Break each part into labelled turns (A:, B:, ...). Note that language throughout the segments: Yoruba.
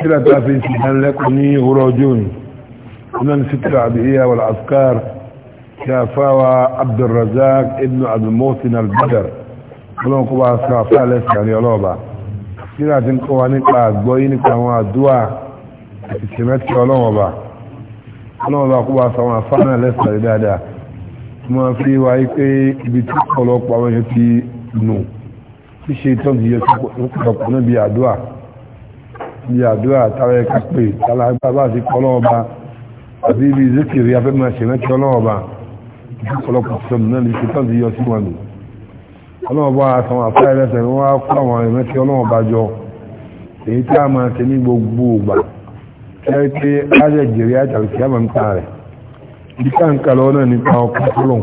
A: كلا تافين سيحان لكني وراجون هنا ستر عبئية والأذكار شافاوى عبد الرزاق ابن عبد المحسن البدر ولو كبا أسرافا ليس يعني يلوبا كلا تنقوى نقع أدبوين كانوا أدواء اتسمت كالوبا ولو كبا أسرافا ليس يدادا ما في وايكي بتقلق ومن يتي نو في شيطان هي تقلق نبي أدواء bí àdúrà àtàwọn ẹ̀ka pé tàbí agbábá àti kọlọ́ọ̀ba àbí ibi ìzékèrè afẹ́mọ̀ ṣẹ̀mẹ́tì ọlọ́ọ̀ba ìfọ́pọ̀lọpọ̀ sọ̀mù náà ní ṣetán ti yọ sí wọn nù ọlọ́ọ̀ba àtàwọn àfáà ẹlẹ́sẹ̀ ni wọ́n á kó àwọn ẹ̀mẹ́tì ọlọ́ọ̀ba jọ èyí tí a máa tẹ ní gbogbo ògbà kẹ́rì pé ájẹ̀ jèrè àtàwọn kí a máa ń ta rẹ̀ bí káńkà lọ́wọ́ náà nípa ọkọ̀ sọ́lọ̀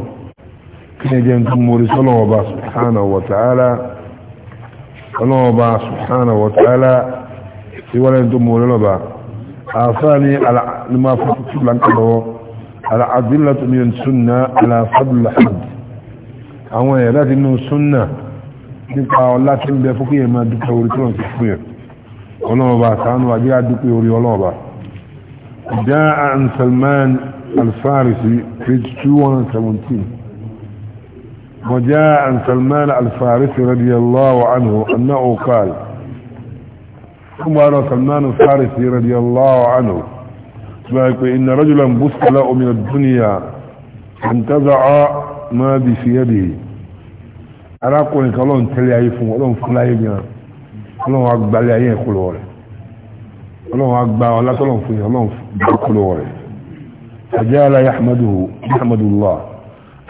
A: kí ni jẹ́ ń tún mórí sọ́lọ̀ ọba subhanahu wa ta'ala ọlọ́ọ̀ba subhanahu wa ta'ala ìwọ́lẹ̀ tó mú olólọ́ba àfáàní aláàlùmáfàtútù lánkàlọ́wọ́ aláàdúlàtò ní súnà aláàfàdùláhàd àwọn ẹ̀rẹ́ ti nù súnà nípa ọlá tí ń bẹ fúkú yẹn máa dúpẹ́ orí tọ́lọ̀ sí fún yẹn ọlọ́ọ̀ba sànú àjíyá dúpẹ́ orí ọlọ́ọ̀ba جاء عن سلمان الفارسي في 217 وجاء عن سلمان الفارسي رضي الله عنه أنه قال عمر سلمان الفارسي رضي الله عنه تبارك ان رجلا بسطلاء من الدنيا انتزع ما بي في يده اراكو ان كلون تلي اي فون ولون فلا اي بيان ولون أكبر لي اي كلور ولون اكبا ولا كلون فيه ولون كلور فجال يحمده يحمد الله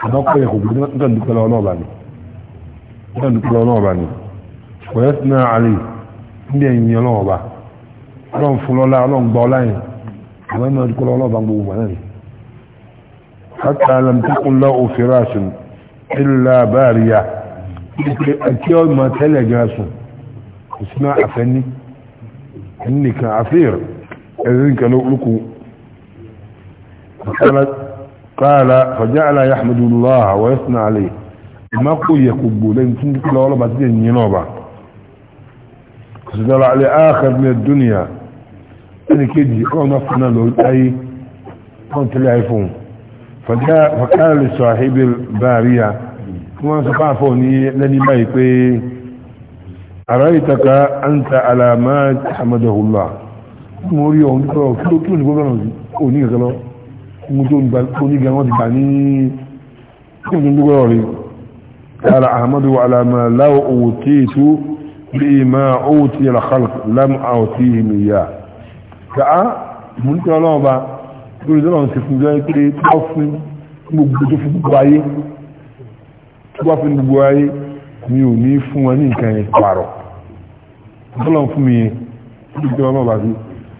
A: اراكو ان كلون نوباني كلون نوباني ويثنى عليه ní ẹ̀yìn ọlọ́run ọba ọlọ́run fún lọ́lá ọlọ́run gba ọlá yẹn àwọn ẹ̀mọ́ ìdíkọ́ ọlọ́run ọba gbogbo wọn náà hátà alamtíkúnlá òfìrásùn ìlà báàríyà àti ọmọ tẹ́lẹ̀ gásùn kò sí náà àfẹ́ní ẹni nìkan àfíìr ẹ̀rí nìkan ló lùkù قال فجعل يحمد الله ويثنى عليه ما قل يكبوا لن تنكي لولا باتين ينوبا فسدل عليه آخر من الدنيا أنا كدي أنا فنا له أي كنت لا يفهم فجاء فقال لصاحب البارية ثم سقافوني لني ما يقي أرأيتك أنت على ما حمده الله موري أون كلو كلو كلو نقول أنا أوني كلو مجون بال أوني جماد بني كلو نقول أولي قال أحمد على ما لو أوتيت لي ما أوتي الخلق لم أوتيهم إياه كأ ملك الله با يقول لهم سيكون جاي كري توفن مبتو في بواي توفن بواي mi ò ní fún wọn ní nǹkan yẹn pààrọ̀ tọ́lọ̀ fún mi yẹn tí ìjọba náà bá sí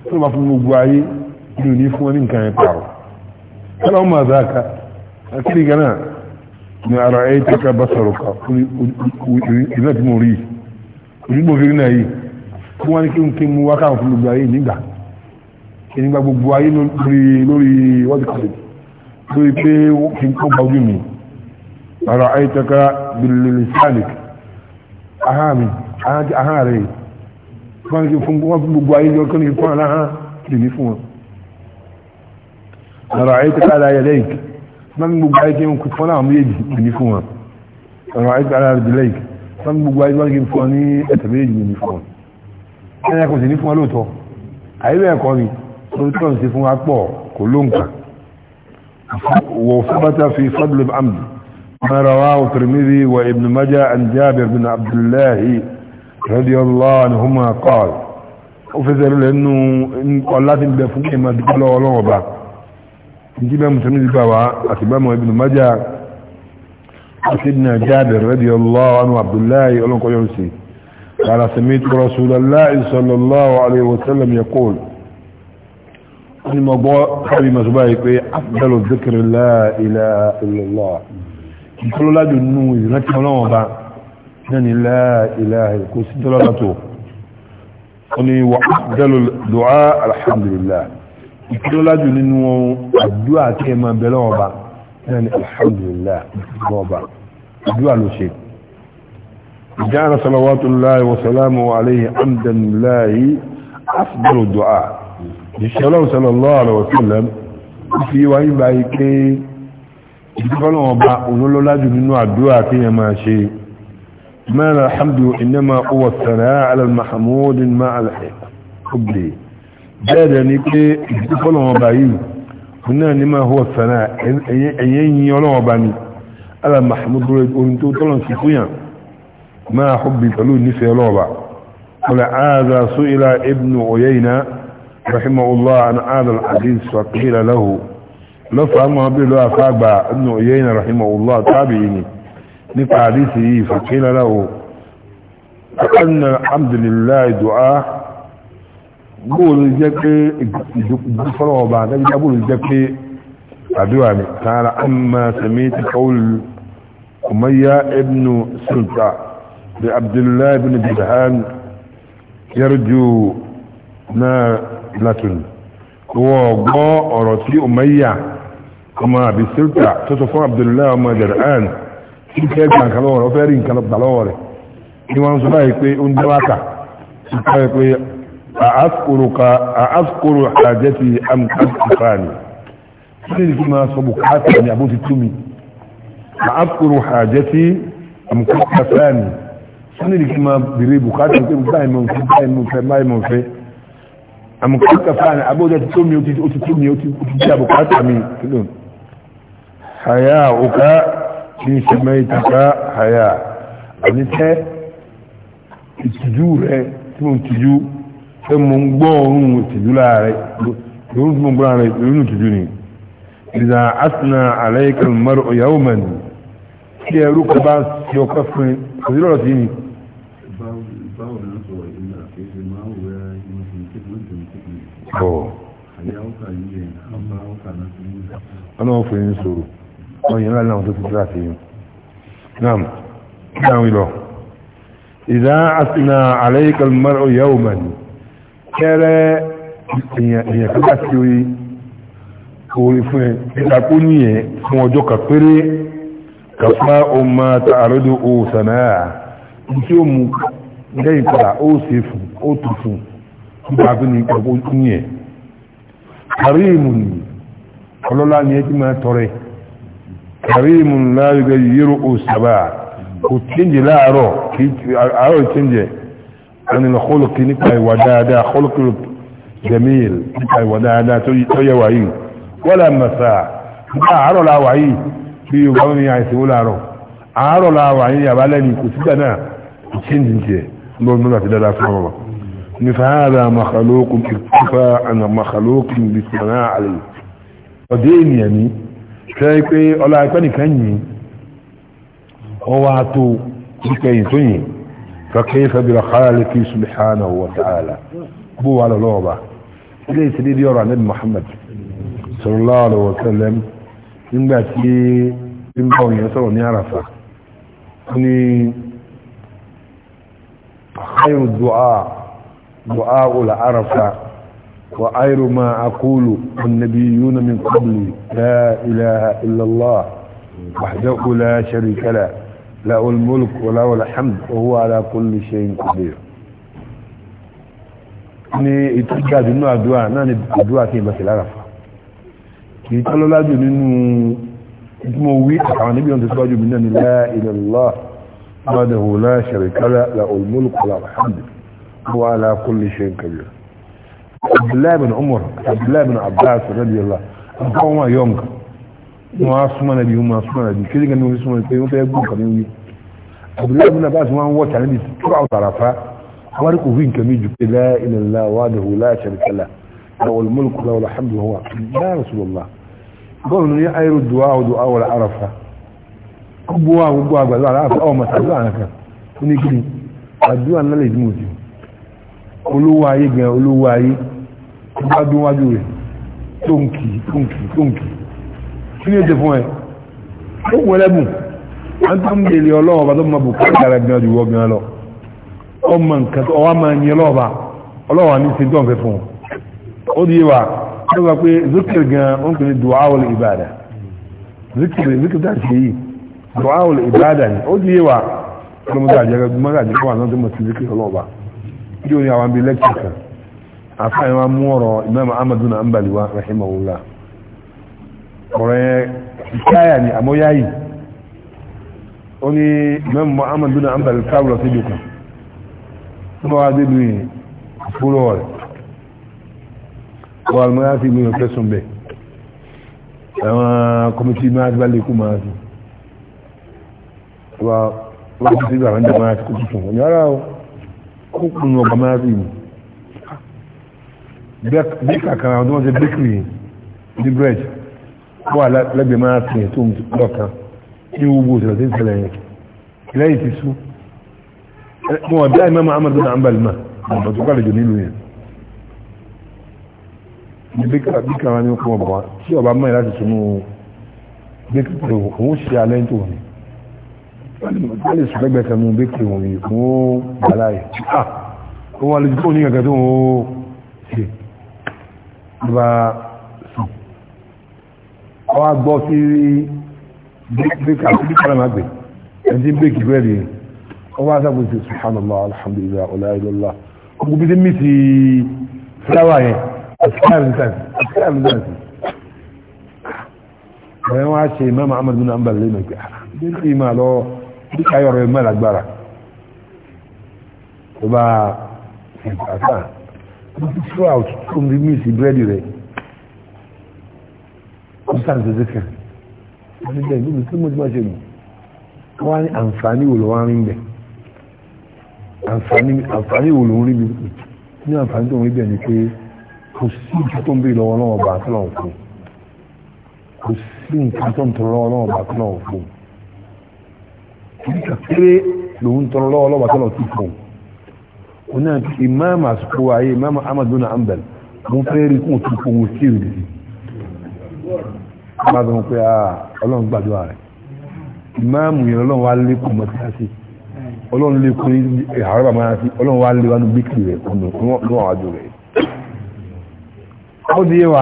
A: tọ́lọ̀ bá fún gbogbo ayé mi ò ní fún wọn ní nǹkan yẹn pààrọ̀ tọ́lọ̀ ọmọ àzáka akíri ganá ni ara ẹ̀ tẹ́ka bá sọ̀rọ̀ ká ìrìnà tí mo rí yìí òyìnbó obìnrin náà yìí kí wọ́n ní kí n kí n mú wákàtí fún gbogbo ayé nígbà ìnígbà gbogbo ayé lórí lórí wọ́dí kọ́lẹ̀ lórí pé kí n kó gba ojú mi ara ayé tẹ́ka bìlìlì sanic aha mi rẹ̀ ní kí n fún gbogbo ayé lórí kí n kó aláhá lè ní fún wọn ayé tẹ́ka aláyẹ lẹ́yìn ní gbogbo ayé kí n fún méjèèjì lè ní fún wọn ayé wọ́n gbogbo ayé wọ́n kí n fún ọ ní ẹ̀tẹ̀ méjì ní fún ọ ẹ̀yà kò sí ní fún ọ lóòótọ́ àyè bẹ́ẹ̀ kọ́ ni torí tí wọ́n ti fún wa pọ̀ kò ló ń kà wọ fúbátà fi fadlu amdi ma wa ó fẹ́ sẹ́rù lẹ́nu ọlá ti bẹ fún سيدنا جابر رضي الله عنه عبد الله يقولون قول يرسي قال سميت رسول الله صلى الله عليه وسلم يقول الموضوع قبل ما زبايك أفضل ذكر لا إله إلا الله يقولوا لا جنو إذا نتكلم بقى يعني لا إله إلا كل سنة لغته أني وأفضل الدعاء الحمد لله يقولوا لا جنو الدعاء كما بلغة يعني الحمد لله بابا دعاء له جعل صلوات الله وسلامه عليه عمدا لله أفضل الدعاء الشلام صلى الله عليه وسلم في وعي بايكي يقولون وبا ونلو لا جنو الدعاء كي ما شيء ما الحمد إنما هو الثناء على المحمود مع الحب حبلي جادني كي يقولون وبايكي هنا لما هو الثناء أيين يلعبني ألا محمود رويد أنتو طلن سيكويا ما حبي فلو نسي لعبا قل عاذا سئل ابن عيينة رحمه الله عن عاذا الحديث فقيل له لفع المعبير الله أفاق ابن عيينة رحمه الله تابعيني نفع عديثه فقيل له فقلنا الحمد لله دعاه bóòlù jẹ́ pé ìdúfọ́lọ́ ọba àtẹ́jọ́ bóòlù jẹ́ pé àdúrà ní tààrà amma sami ti kọ́wùlù kùmáyà ibnu sulta da abdullahi ibn bilhan yarju na latin wọ́n gbọ́ ọ̀rọ̀ tí umayya ọmọ àbí sulta tó sọ fún abdullahi ọmọ jar'an tí kẹ́ gbàǹkalọ́wọ̀ rẹ̀ ó ni wọ́n sọ báyìí pé ó ń dáwàkà sí pé أأذكرك أأذكر حاجتي أم قد أفاني سيدي كما سبقات أن يعبوت التمي أأذكر حاجتي أم قد أفاني سيدي كما بري بقات أم قد أفاني أم قد أفاني أبوت التمي وتتمي وتتمي بقات أمي تلون حياؤك إن سميتك حياء أنت تجور تمام تجور pé mo ń gbọ́ ohun ìtìjú láàrẹ lórí tí mo gbọ́ ààrẹ lórí ìtìjú ni ìdá asìnà àlẹ́kẹ̀lú mọ́rọ̀ ìyàwó mọ̀ ní kí ẹrú kọ bá ṣe ọkọ̀ fún kò sí lọ́rọ̀ sí ni. ọlọ́wọ́ fún yín sọ̀rọ̀ wọ́n yẹn láàrín àwọn tó ti tẹ́lá sí yín náà kí àwọn ìlọ ìdá asìnà àlẹ́kẹ̀lú mọ́rọ̀ ìyàwó mọ̀ ní kẹ́rẹ́ èèyàn kan láti orí orí fún ẹ nígbà kó ní ẹ fún ọjọ́ kan péré kàfá ọmọ tààrọ́dọ̀ òsànà tí ó mú lẹ́yìn padà ó sì fún ó tù nígbà tó ní ní ẹ kàríìmù ni ọlọ́lá ni ẹ ti máa tọrẹ kàríìmù láàrín yẹ́rọ òsàbà kò tíjì láàárọ̀ àárọ̀ tíjì عن الخلق نبقى ودادا خلق جميل نبقى ودادا توي وعي ولا مساء عارو لا وعي bí o bá ní àìsàn ó láàárọ̀ àárọ̀ láàárọ̀ àyín àbálẹ́ ni kò sígbà náà ìṣẹ́ǹdì jẹ́ lọ́nà láti dáadáa fún ọmọ ní fàáàdà makalókùn ìkúfà àna makalókùn ìbìsànà àlè ọ̀dẹ́ ènìyàn tó yìí فكيف بالخالق سبحانه وتعالى ابو على لوبا ليس لي يرى نبي محمد صلى الله عليه وسلم من باتي ان باو يسو نعرفا اني خير الدعاء دعاء العرفة وعير ما اقول النبيون من قبلي لا اله الا الله وحده لا شريك له له الملك وله الحمد وهو على كل شيء قدير ni ìtọ́jà nínú àdúrà náà ni àdúrà tí ìbàkì lára fa kìí tọ́lọ́lájù nínú ìtumọ̀ wí àtàwọn níbi ọ̀n tó síwájú mi náà ni la ilallah wahdahu la sharika lahu lahul mulku wa lahul hamd huwa ala kulli shay'in qadir abdullahi bin umar abdullahi bin abbas radiyallahu anhu àwọn yọ̀ǹkà wọn á súnmọ́ nàbí wọn á súnmọ́ nàbí kí ni kan wọn fi súnmọ́ nàbí pé fẹ́ gùn kàmí wí abdullahi bin abbas wọn wọ tàbí ní tura ọ̀tà àràfá àwọn arí kò rí nǹkan méjì pé la ilaha wahdahu la sharika lahu lahu al-mulku lahu al-hamdu huwa ya rasulullah bọ́ọ̀lù ní ayélu duwa ọdọ àwọn àràfá gbogbo wa gbogbo àgbàdo àràfá ọmọ tàbí àràfá ó ní kí ni àdúrà náà lè dùn òjò olówó ayé gan olówó ayé tó bá dún wájú rẹ̀ tóǹkì tóǹkì tóǹkì kí ni ó ti fún wọ́n tó ń bèèrè ọlọ́ọ̀bá tó mọ bùkátà rẹ̀ gan ju wọ́gbìn lọ ọmọ nǹkan tó ọwá máa yin ọlọ́ọ̀bá ọlọ́ọ̀bá ní fún wa ó wá pé zikir gan ọ ibada zikir zikir tá a ṣe yìí ibada ni ó di wa ọlọ́mọdé àjẹgẹ gbọmọdé àjẹgẹ wà náà tó zikir àwọn bíi lẹ́kìtì kan àfáà yẹn wá mú amadu na ambaliwa rahimahullah ọ̀rọ̀ yẹn ìkáyà ni àmọ́ ó ní imam muhammad bin ambal káwùlọ sí ìjọkan tó bá wá débi fúlọ rẹ̀ wọ́n alùmọ́yá sí ìgbìyàn fẹ́sùn bẹ̀ àwọn kọmitì máa gbá lè kú máa sí wọ́n kú sí ìgbàlá ń dẹ̀ máa sí kú tuntun wọ́n yára o kó kùn ní ọba máa sí ìmú bí kàkàrà àwọn tó wọ́n ṣe bíkìrì ní bírèdì wọ́n wà lẹ́gbẹ̀ẹ́ máa sí ètò ọ̀kan ní gbogbo ìṣẹ̀lẹ̀ tí ń ṣẹlẹ̀ yẹn lẹ́yìn ti sú wọn ọ̀dá ìmọ̀ Muhammad bin Hanbal ma ọ̀dọ̀ tó kàlejò nílùú yẹn ní bíkà bíkà wọn ni wọn kọ́ ọ̀bọ̀ tí ọba mọ̀ láti sunú bíkà pẹ̀lú òun ṣe alẹ́ tó wọn wọ́n lè sùn lẹ́gbẹ̀ẹ́ kan mú bíkà wọn yìí fún bàlá yìí ah wọn wà tó ní kankan tó wọn ṣe ló bá sùn ọwọ́ gbọ́ sí bíkà bí kára máa gbé ẹni tí ń bíkì bẹ́ẹ̀rì ó wá sábò sí subhanallah alhamdulillah ọláìlọ́lá gbogbo bí ti mí ti fúláwà yẹn wọ́n wá ṣe imam ahmadu náà ń bá lè mẹ́gbẹ́ bí kì í máa lọ bí káyọ̀ rẹ̀ mẹ́rin agbára tó bá ìgbàgbà tó ti fúláwà tó ń rí mí sí búrẹ́dì rẹ̀ ó sàn ṣe ṣe kẹrin president níbi tí mo ti máa ṣe nù wọ́n á ní àǹfààní wò ló wá rí bẹ̀ àǹfààní wò ló ń rí bí ní àǹfààní tó ń rí bẹ̀ ni pé kò sí nǹkan tó ń bèèrè lọ́wọ́ náà ọba àti náà fún kò sí nǹkan tó ń tọrọ lọ́wọ́ náà ọba àti náà fún kìí kàkéré lòun tọrọ lọ́wọ́ lọ́wọ́ àti náà ti fún òun náà ti imáàmù àsìkò ayé imáàmù Ahmad bin Hanbal mo fẹ́ rí kún òtún fún òun sí ìrìlì bá gbọ́n pé ah, ọlọ́run gbàdúrà rẹ̀ ìmáàmù yẹn ọlọ́run wá lékún mọ́tíláṣí ọlọ́run lékún ní àárọ̀ máa sí ọlọ́run wá lé wánú bíkì rẹ̀ ọ̀nà níwọ̀n àjò rẹ̀ ó di yẹwà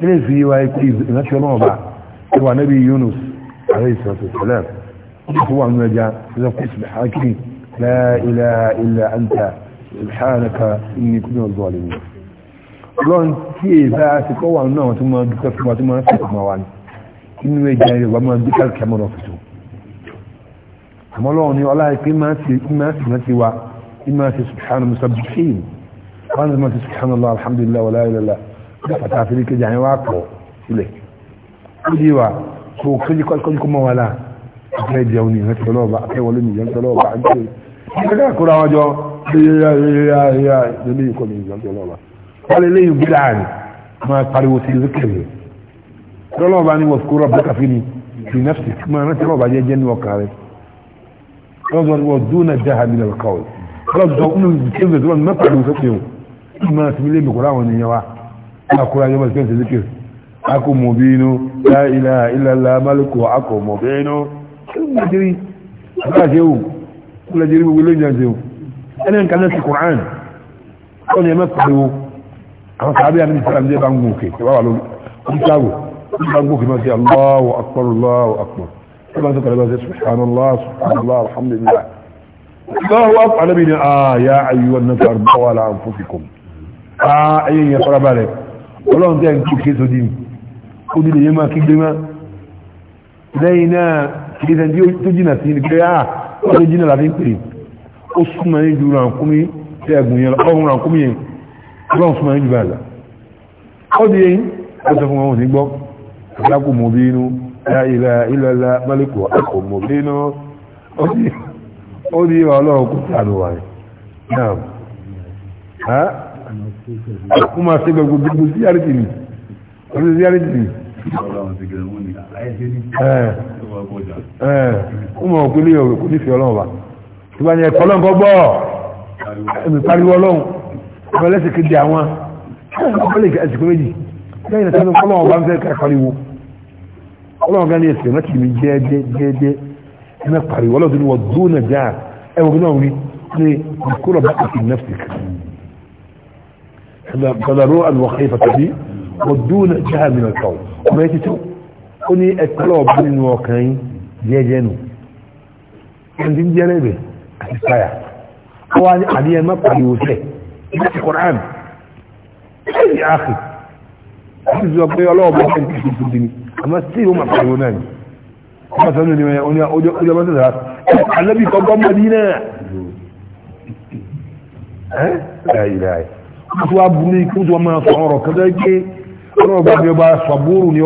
A: ilé ìfi yẹwà pé ìrántí ọlọ́run ọba tó wà níbi Yunus ààrẹ ìsọ̀tò sẹlẹ̀ tó wà nínú ẹja tó kú subhanaka la ilaha illa anta subhanaka inni lọ́n tí èyí bá a ti kọ́ wà nínú àwọn tó máa dúpẹ́ fún wa tó máa ń sẹ́kọ̀ọ́ máa wà ní inú ẹja rẹ̀ wà máa dúpẹ́ kẹmọ́ lọ tuntun àmọ́ lọ́wọ́ ni ọlá ìpé máa sì rántí wa ní máa sì subhanahu musabbihin wọ́n ti máa sì subhanallah alhamdulillah wàlá ìlàlá ọjọ́ pàtàkì àfi ní kejì àyẹn wá pọ̀ sílẹ̀ ó di wa kó kéjì kọ́jú kó mọ́ wa là àfẹ́ jẹun ní ìrántí ọlọ́ọ̀bà àfẹ́ wọlé ní ìrántí ọlọ́ọ̀bà àgbẹ̀ wọ́n lè yìí bídà ni máa pariwo sí zikiri lọ́lọ́wọ́ bá ní wọ́n kúrò bẹ́ẹ̀ kàfi ni fi nafsi máa rántí lọ́wọ́ bá jẹ́ jẹ́ ní ọkàn rẹ̀ lọ́wọ́ wọ́n dúnà jáha mi lọ́wọ́ kàwé lọ́wọ́ nínú zikiri rẹ̀ lọ́wọ́ mẹ́ta ló sọ́kè o máa ti lé mẹ́kọ̀ọ́ láwọn ènìyàn wa máa kúrò ayé bàtí kẹ́sì zikiri akọ mọ̀ bí inú la ilaha illallah malikọ akọ mọ̀ àwọn sàábí àti ìsìlámi jẹ́ bá ń gòkè wà wà lórí ìjáwò bá ń gòkè máa ti Allahu akbar Allahu akbar tí wọ́n sọ́kọ̀ lọ́wọ́ sí subhanallah subhanallah alhamdulillah Allahu akbar níbi ni àyà ayúwa náà àrùbáwà láàrín fún fìkọ́ ayé yẹn fara balẹ̀ ọlọ́run tẹ́ ń kí kí sódì mi ó nílé yẹn máa kí gbé má lẹ́yìn náà kì tó jìnà sí ni pé á ah, wọ́n jìnà láti ń pè ó súnmọ́ ọlọ́run fún ẹjú bàlá ó di eyín ó sọ fún wọn ní gbọ́ ìdákù mọ̀ bí inú ilá ilẹ̀lá mẹ́lẹ́kù ẹ̀kọ́ mọ̀ bí inú ó di ìwà ọlọ́run kò sàánù wáyé náà ha kó máa ṣe gbogbo gbogbo sí àrítì mi ọdún sí àrítì ọlọ́run ọmọ ẹlẹ́sìn kejì àwọn ọmọlẹ́kẹ̀ ẹ̀sìnkú méjì lẹ́yìn ìtàní kọ́lọ̀ ọba ń fẹ́ kàkàríwó ọlọ́ọ̀gá ní ẹ̀sìn mẹ́kì mi jẹ́ẹ́jẹ́ ẹ̀mẹ́ pariwo ọlọ́ọ̀dún ni wọ́n dún náà já ẹ̀wọ̀ bí náà wí ní ìkúrọ̀ bá kàkì nẹ́fìk gbàdàrú àlùwọ̀kẹ́ ìfàtàbí wọ́n dún náà já mi náà kàw ọmọ ẹ̀ títí ó ní ẹ̀kọ́lọ̀ ọba nínú ọkàn yín jẹ́ẹ́jẹ́ nù ẹni jẹ́rẹ́ bẹ̀ àti sáyà ó wá ní àdéhẹ́ má pariwo sẹ́ẹ̀ láti Quran ẹ̀yìn àkè láti sọ pé ọlọ́ọ̀bù ọ̀fẹ́ ti fi tuntun ni àmọ́ sí ìwọ́n máa pariwo náà ni wọ́n sọ ní ìwọ̀n oní ojú ọmọ sọ̀rọ̀ anábì kọ́kọ́ mọ́ ní náà ẹ̀ ìlà ẹ̀ wọ́n tún wá bu ní kí wọ́n máa sọ ọ̀rọ̀ kan tó ké ọ̀rọ̀ ọba mi ọba sọ̀búrù ni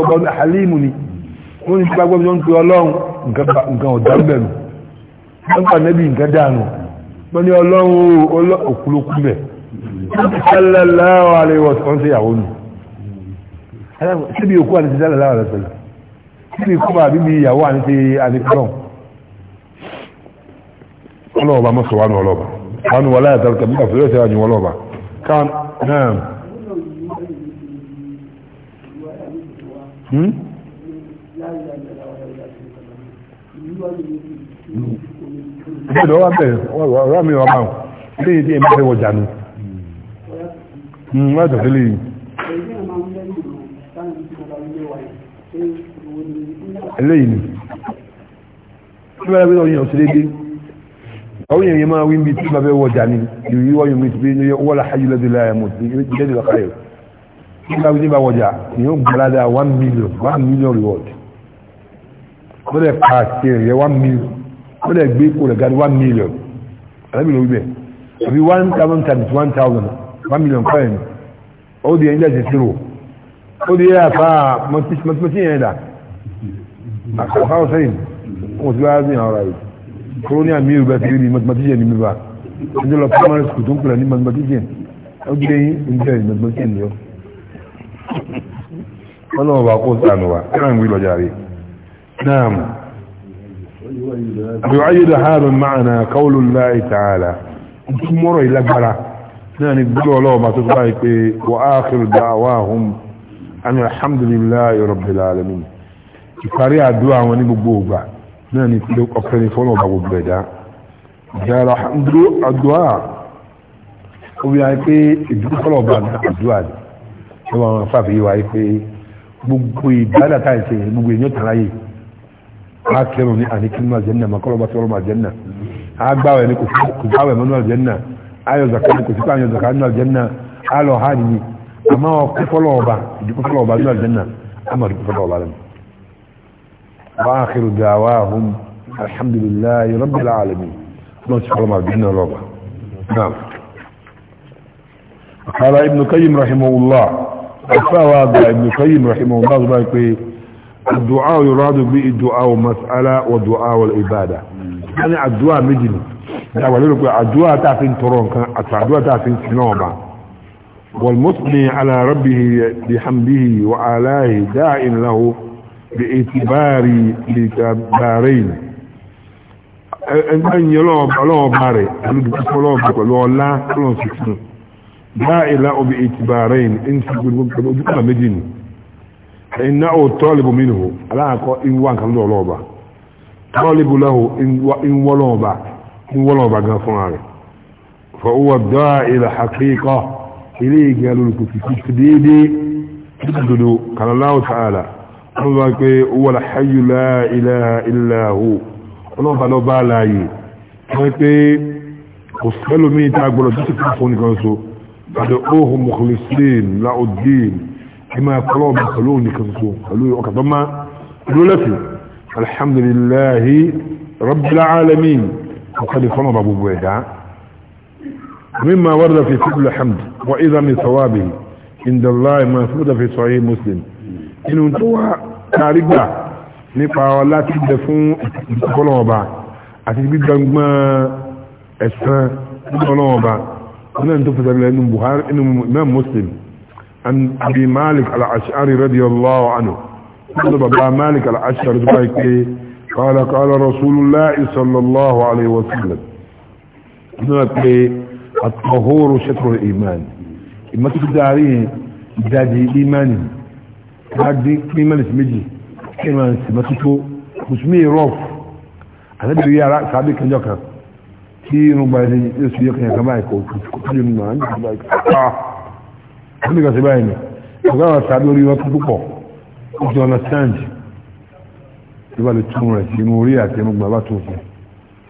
A: sallallahu alaihi wasallam sai yàwó nù síbi òkú àti sallallahu alaihi wasallam síbi òkú àbí mi yàwó àti àdìkọ́lọ́n ọlọ́ọ̀bá mọ́ sọ̀wánú ọlọ́ọ̀bá wánú wọlé àtàlùkà bí àfẹ́ yóò tẹ́wàá ní ọlọ́ọ̀bá kan náà mi wá bá wọn, ilé ìdí ẹ̀mí ẹ̀wọ̀ Hmm, má tẹ̀sí lè yìí. eléyìí ni tí wọ́n yà pé ọyàn ọ̀sẹ̀ dédé àwọn èèyàn máa wí bí tí bàbá wọ jà ní ìlú yíwọ́ yóò mi ti pé wọ́n la hajj lọ́dún láyà mọ̀ sí ilé ìlú ọ̀ka yìí tí bàbá wí tí bàbá wọjà èèyàn gbọ́dọ̀ dá one million one million reward wọ́n lè pa àti ẹ̀yẹ one million wọ́n lè gbé kó lè one million coin ó di ẹni lẹ́sẹ̀ zero ó di ẹ̀yà fa mọtímọtí yẹn dà àkàfà ọ̀sẹ̀yìn wọ́n ti wá ní ọ̀rọ̀ yìí kúrò ní àmì ìrùbẹ̀ sí ní mọtímọtí yẹn ní mi bá ẹjọ́ lọ primary school tó ń pèlè ní mọtímọtí yẹn ó di ẹyin oúnjẹ ní mọtímọtí yẹn lọ. wọ́n náà wà kó sànù wa ẹ̀rọ ìwé lọ́jà rè náà يؤيد هذا المعنى قول الله تعالى انتم مروا الى náà ni gbọ́dọ̀ ọlọ́wọ́ bá tó tó báyìí pé wa akhiru da'wahum ani alhamdulillahi rabbil alamin ìparí àdúrà wọn ní gbogbo ògbà náà ni pé ọ̀fẹ́ ni fọ́nà ọba gbogbo ẹ̀dá ìjára àdúró àdúrà ó bí wáyé pé ìdúró fọ́nà ọba àdúrà ni wọ́n máa ń fàbí wáyé pé gbogbo ìbádà táyì ṣe gbogbo èèyàn tàrá yìí a ní àníkínú àjẹ́nà mọ́kọ́lọ́bá ayọ̀ zaka kò sí pé ayọ̀ zaka nínú àjẹ́nà alọ̀ ha nìyí àmọ́ ọkọ̀ fọlọ̀ ọba ìdúkọ̀ fọlọ̀ ọba nínú àjẹ́nà àmọ́ ìdúkọ̀ fọlọ̀ ọba lẹ́nu. wàhálà dàwa ahùn alhamdulilayi rabbil alamin náà ti fọlọ́ ma bí nínú ọlọ́ba. قال ابن قيم رحمه الله الفتاوى ابن قيم رحمه الله ذلك الدعاء يراد به الدعاء مسألة ودعاء والعبادة يعني الدعاء مجنون dáwà lórí pé àdúrà tá a fi ń tọrọ nǹkan àti àdúrà tá a fi ń sin náà bá wal musni ala rabbihi bihamdihi wa alahi da'in lahu bi itibari bi tabarin ẹgbẹ́ ìyẹn ọlọ́ọ̀bá rẹ̀ olùdókòwò pẹ̀lú ọlá ọlọ́ọ̀ sí fún da'in lahu bi itibarin in ti gbogbo ojúkọ̀ọ́ méjì ni ẹ̀yìn náà ó tọ́lẹ̀bù mínú aláàkọ́ ìwà nǹkan lọ́ọ̀bá tọ́lẹ̀bù lahu ìwọ́lọ́ọ̀bá ولو بقى فماري فهو الداعي إلى حقيقة إليه قالوا لكم في تشديدي تدلوا قال الله تعالى هو الحي لا إله إلا هو ولو بلو بالاي ويقول وصلوا مين تقبلوا تتفقوني كنسو فدعوه مخلصين لا الدين كما يقولوا بخلوني كنسو قالوا وكذا ما قالوا لفي الحمد لله رب العالمين وقد فرض ابو بويدا مما ورد في سبل الحمد واذا من ثوابه عند الله ما ثبت في صحيح مسلم ان تو تاريخ nípa ọlá tí jẹ fún ìfọ́lọ́ọ̀ba àti gbígbàgbọ́n ẹ̀sán ìfọ́lọ́ọ̀ba náà tó fẹsẹ̀ lẹ́nu buhari inú imam muslim abi malik al-ashari radiyallahu anhu tó bàbá malik al-ashari tó bá yìí pé قال قال رسول الله صلى الله عليه وسلم الطهور شطر الإيمان ما تقدرين دادي إيمان. دادي إيمان اسمجي إيمان اسمتو مسمي روف أنا بدي يا صاحبي كان جوكا كي نوبالي يسوي كان كما يكون كل ما عندي كما يكون اه كل ما سبايني وقال صاحبي يقول لي وقت بكو كنت سانجي tí wọ́n lè tún rẹ̀ sí mú rí àti mú gbàgbà tó fún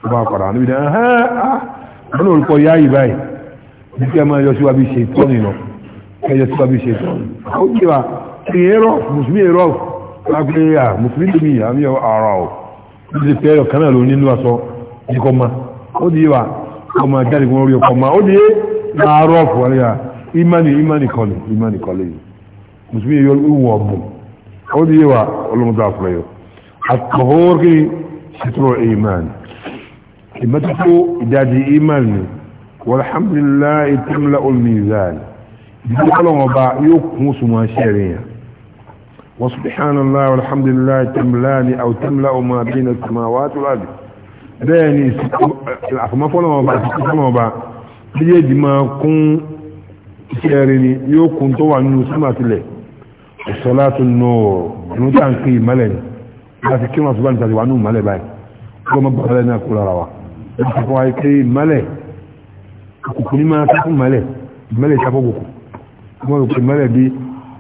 A: tó bá padà níbi dáa ha ha wọn ò kọ yá yìí báyìí bí kí ẹ máa yọ síwájú ṣe ìtọ́ni lọ kí ẹ yọ síwájú ṣe ìtọ́ni ó yẹ wa kí ẹ rọ mùsùlùmí ẹ rọ lágbé à mùsùlùmí lèmi àmì ọ ara o bí ti fẹ́ ọ̀kan náà ló nínú aṣọ ní ma ó di wa ọmọ imani imani kọ́ni imani kọ́ni mùsùlùmí yọ ìwọ̀n ọ̀bùn ó di wa ọlọ́mọdé àfúrẹ́yọ̀ الطهور ستر الإيمان قيمته إداد إيمان والحمد لله تملأ الميزان يقولون وبا يقوم سما شريا وسبحان الله والحمد لله تملاني أو تملأ ما بين السماوات والأرض بيني ما فلان وبا ما وبا بيد ما كن شريني يقوم طوى النور سمات الله النور نتعن كي ملني láti kí wọn ṣùgbọ́n ìtàdíwà ní ìmọ̀lẹ̀ báyìí kó mọ́ gbọ́dọ̀ náà kó lára wa láti fún ayé pé ìmọ̀lẹ̀ òkùnkùn ní máa sáfún ìmọ̀lẹ̀ ìmọ̀lẹ̀ ìṣàkó kòkò wọ́n rò pé ìmọ̀lẹ̀ bí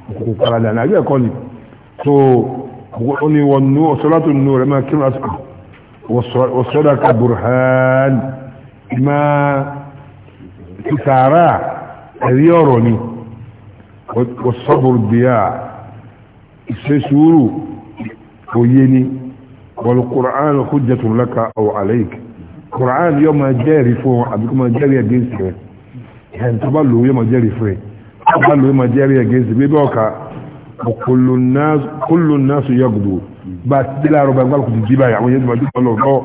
A: òkùnkùn parada ní àjọ ẹ̀kọ́ ni kí wọn ẹ̀rí ọ̀rọ̀ ni wọ́sọ́bùrù bíyà ìṣesúrù oyeni wal qur'an hujjatun laka aw alayk qur'an yó máa jẹ́rìí fún àbí kó máa jẹ́rìí against rẹ̀ en tó bá lò yó máa jẹ́rìí fún tó bá lò yó máa jẹ́rìí against bi bo ka kullu nas kullu nas yaqdu ba dila ro ba gbal ko di ba ya wọ́n yé ba di ko lo do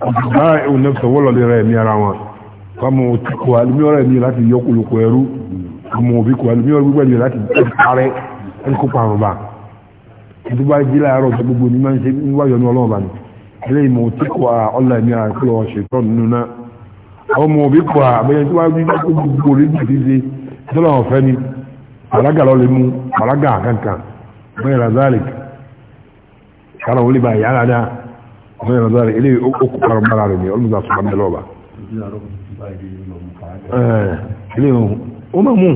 A: ba'u nafsa tó bá jí láàárọ̀ tó gbogbo ní máa ń ṣe níwájú ọlọ́ọ̀bà ni eléyìí mo ti kọ́ ọ̀la ẹ̀mí àkọlọ̀ ṣètọ́ nínú náà àwọn ọmọ òbí gbogbo bí ti ṣe tọ́lá ọ̀fẹ́ ni màlága lọ lè mú màlága kankan bẹ́ẹ̀ razalik kára wọlé bá yàrá bẹ́ẹ̀ razalik rẹ̀ ni àtúmọ̀ ó máa mú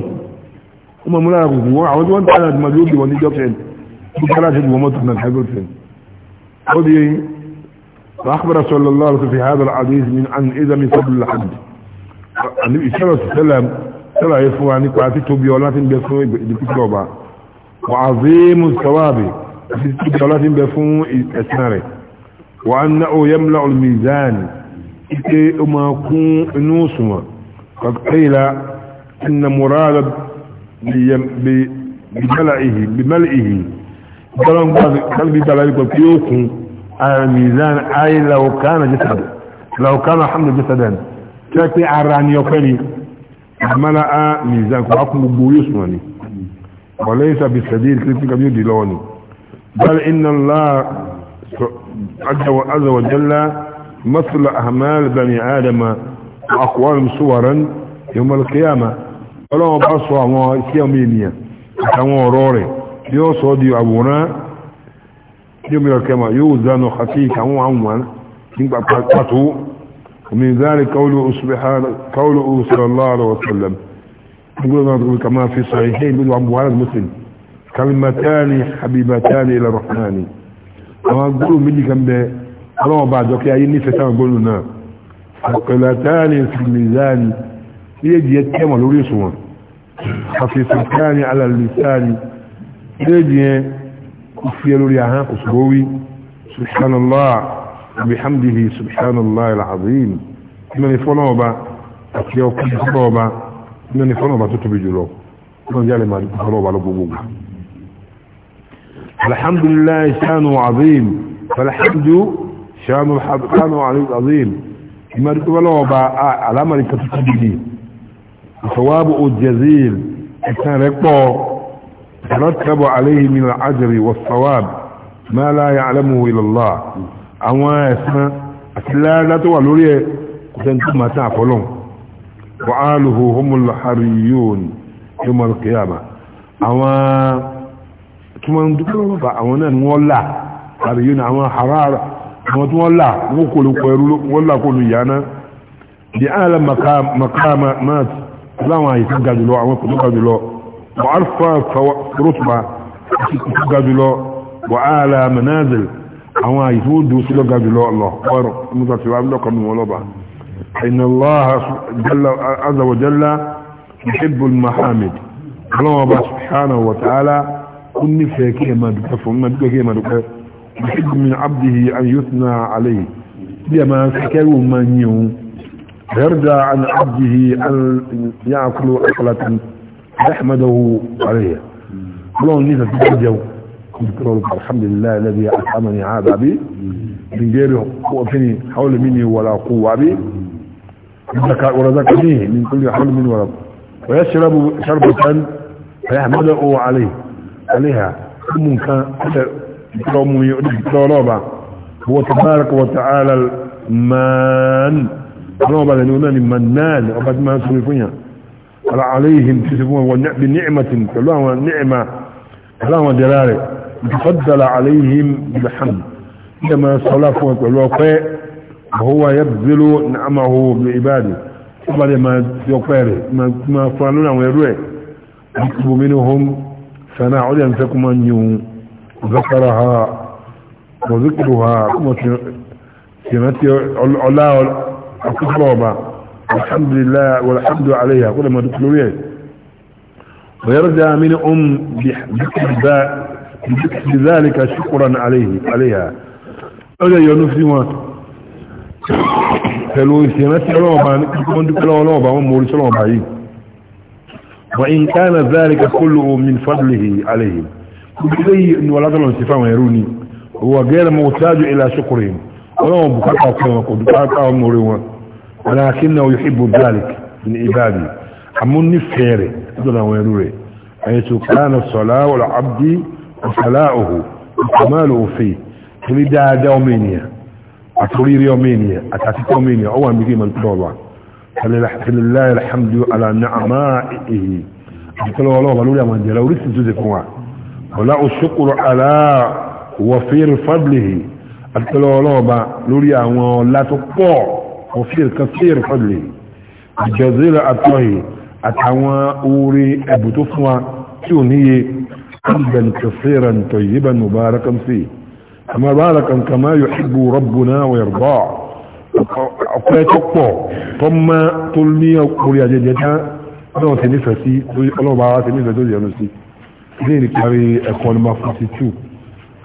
A: ó máa mú lára kùkù wọn àwọn tí wọ́n ń كان شد وموته من فين خذي فأخبر رسول الله في هذا العزيز من عن إذا من قبل الحج
B: النبي صلى الله عليه وسلم
A: سبع يفواني قاتلته بيولات بيسوي بكتوبة وعظيم الثواب في بيولات بيفون اسناري وأنه يملأ الميزان اكي اما كون نوسما قد قيل إن مراد بملئه بملئه ọlọ́run gbàgbé tàbí àríkọ̀ tí ó kún ara mizan ayé laukana jẹ́sàdù laukana hamdu jẹ́sàdàn tí ó pé ara ni ọpẹ́ ni àmàlà á mizan kò wákùn gbogbo yóò sùn ni wọlé sàbí sàdí kìrìtì kàbí òdì lọ́wọ́ ni bẹ́ẹ̀ iná lá azawajalla masul ahmal bani adama akwọ́n suwaran yomal kiyama ọlọ́run bá sọ àwọn iṣẹ́ ọmọ ènìyàn àtàwọn ọ̀rọ̀ rẹ̀ yóò sọ di àwòrán yóò mìíràn kẹma yóò zánà àti ìkàwọn àwọn nígbà pàtó ومن ذلك قوله سبحانه قوله صلى الله عليه وسلم يقول كما في صحيحين بدو عن بوهان المسلم كلمتان حبيبتان الى الرحمن اما قولوا مني كم ده الله بعد اوكي اي نفس تمام قولوا نعم ثقلتان في الميزان يجي يتكلم لوريسون خفيفتان على اللسان ليه كفير ليها كسبوي سبحان الله وبحمده سبحان الله العظيم من فنوبة أكيو كل فنوبة من فنوبة تتبي جلو من جالي ما فنوبة لبوبوبة الحمد لله شان عظيم فالحمد شان الحمد عظيم ما تقولوا على ما تتبي ثواب الجزيل كان رقبه ترتب عليه من العجر والصواب ما لا يعلمه إلى الله أما اسمه أسلا لا تولوري كنت ما تعفلون وعاله هم الحريون يوم القيامة أما تمام دكتور بقى أما نولى حريون أما حرارة أما تولى وكل قيرول ولا كل يانا بأعلى مقام مقام مات لا ما يتنقل له أما كتنقل له وارفع رتبة وعلى منازل أما يفود وصله قد لو الله ومتتباب لكم ولبا إن الله جل عز وجل يحب المحامد الله سبحانه وتعالى كن فيكي ما دكف ما دكفه ما دكفه يحب من عبده أن يثنى عليه بما سكروا من يوم يرجى عن عبده أن يأكل أكلة نحمده عليها اللهم نيسا تتجو الحمد لله الذي أطعمني عاد بي من غير وفني حول مني ولا قوة بي ورزقني من كل حول مني ولا قوة ويشرب شربة فيحمده عليه عليها أم كان تكرم يؤدي هو تبارك وتعالى المان أنا أبدا أنه منان وقد ما سوي فيها على عليهم تسبون بنعمة كلها نعمة كلها درارة تفضل عليهم بالحمد كما صلافوا كلها وهو يبذل نعمه بعباده قبل ما يقفره ما, ما فعلونا ويروي يكتب منهم سنة عليهم فكما ذكرها وذكرها كما سنة علاء الكفر الحمد لله والحمد عليها كل ما دخلوا ليه ويرجع من أم بذلك شكرا عليه عليها أولا ينفسي ما قالوا يسيمسي لوبا نكتبون دكلا لوبا وموريس بأي وإن كان ذلك كله من فضله عليهم كبيري أنه لا تلون سفاهم ويروني هو غير موتاج إلى شكرهم ولو بكاكا وكاكا وكاكا وموريوان ولكنه يحب ذلك من عباده حمون فيري أدونا ويروري حيث كان الصلاة والعبد وصلاؤه وكماله فيه كمي دا دومينيا أترير يومينيا أتاتيت يومينيا أول بكي من طوبة فلله الحمد على نعمائه أتلو الله بلولي من جلو رسل تزكوا ولا الشكر على وفير فضله أتلو الله بلولي أن لا تقوى وفي الكثير فضله الجزيل أطلعي أتعوى أوري أبو تفوى تونية حمدا كثيرا طيبا مباركا فيه كما باركا كما يحب ربنا ويرضى أقول تقوى ثم طلني أقول يا جدتا أنا سنفسي أنا بارا سنفسي يا نسي لين كاري أقول ما فاتي تو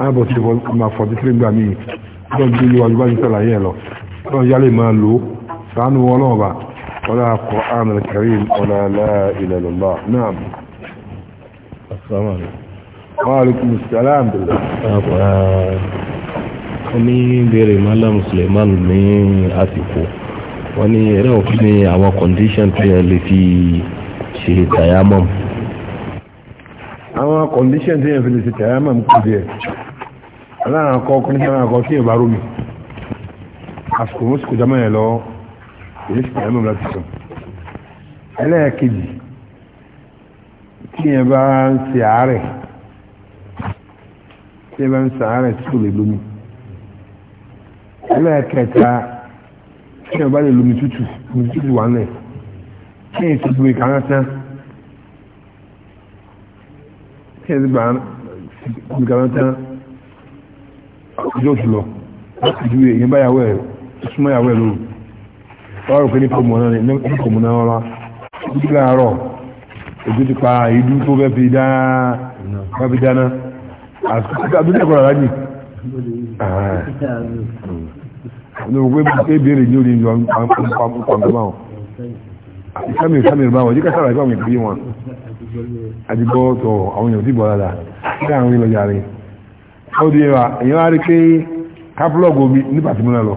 A: أنا بس أقول ما فاتي ترين بامي أقول بلي والباني سلايا له ọlọ́run yálè máa lò ó sànú ọlọ́run bá ọlá Qur'an al-Karim ọlá la ilaha illallah náà assalamu alaikum salam
C: ní bèrè malam Suleiman ní àsìkò wọ́n ní ẹ̀rẹ́ òfin ní àwọn condition tí ẹ lè fi ṣe tayamam
A: àwọn condition tí ẹ fi ṣe tayamam kò díẹ̀ aláàkọ́ kọ́ńtíṣàn àkọ́ sí ìbárò mi àsìkò wọn sì kò jámọ́ yẹn lọ èyí sì kò jámọ́ láti sùn ẹlẹ́ẹ̀kejì tí yẹn bá ń ṣe àárẹ̀ tí yẹn bá ń ṣe àárẹ̀ tí kò lè lómi ẹlẹ́ẹ̀kẹta tí yẹn bá lè lómi tútù lómi tútù wà nílẹ̀ tí yẹn ti gbé kàrán tán tí yẹn ti gbà gbé kàrán tán ọjọ́ òṣùlọ láti ju èèyàn báyàwó ẹ̀rọ súnmọ́ ìyàwó ẹ̀ lóru wọ́n rò pé ní kòmù náà ní kòmù náà wọ́n wá ojú láàárọ̀ ojú ti pa ìdú tó fẹ́ fi dáná àbúrò ẹ̀kọ́ rárá jì ní gbogbo ebèrè ní orí ìjọ pàmpáwọn ìsámi ìsámi ìrìnbáwọn ojú kásàrà ìgbà wọn ìpínlẹ̀ wọn àdìgbò tó àwọn èèyàn ti bọ̀ dáadáa ní àwọn ìlọjà rẹ̀ ó di ẹwà èèyàn á rí pé kápúlọ̀gù omi ní pàtìmọ́lá lọ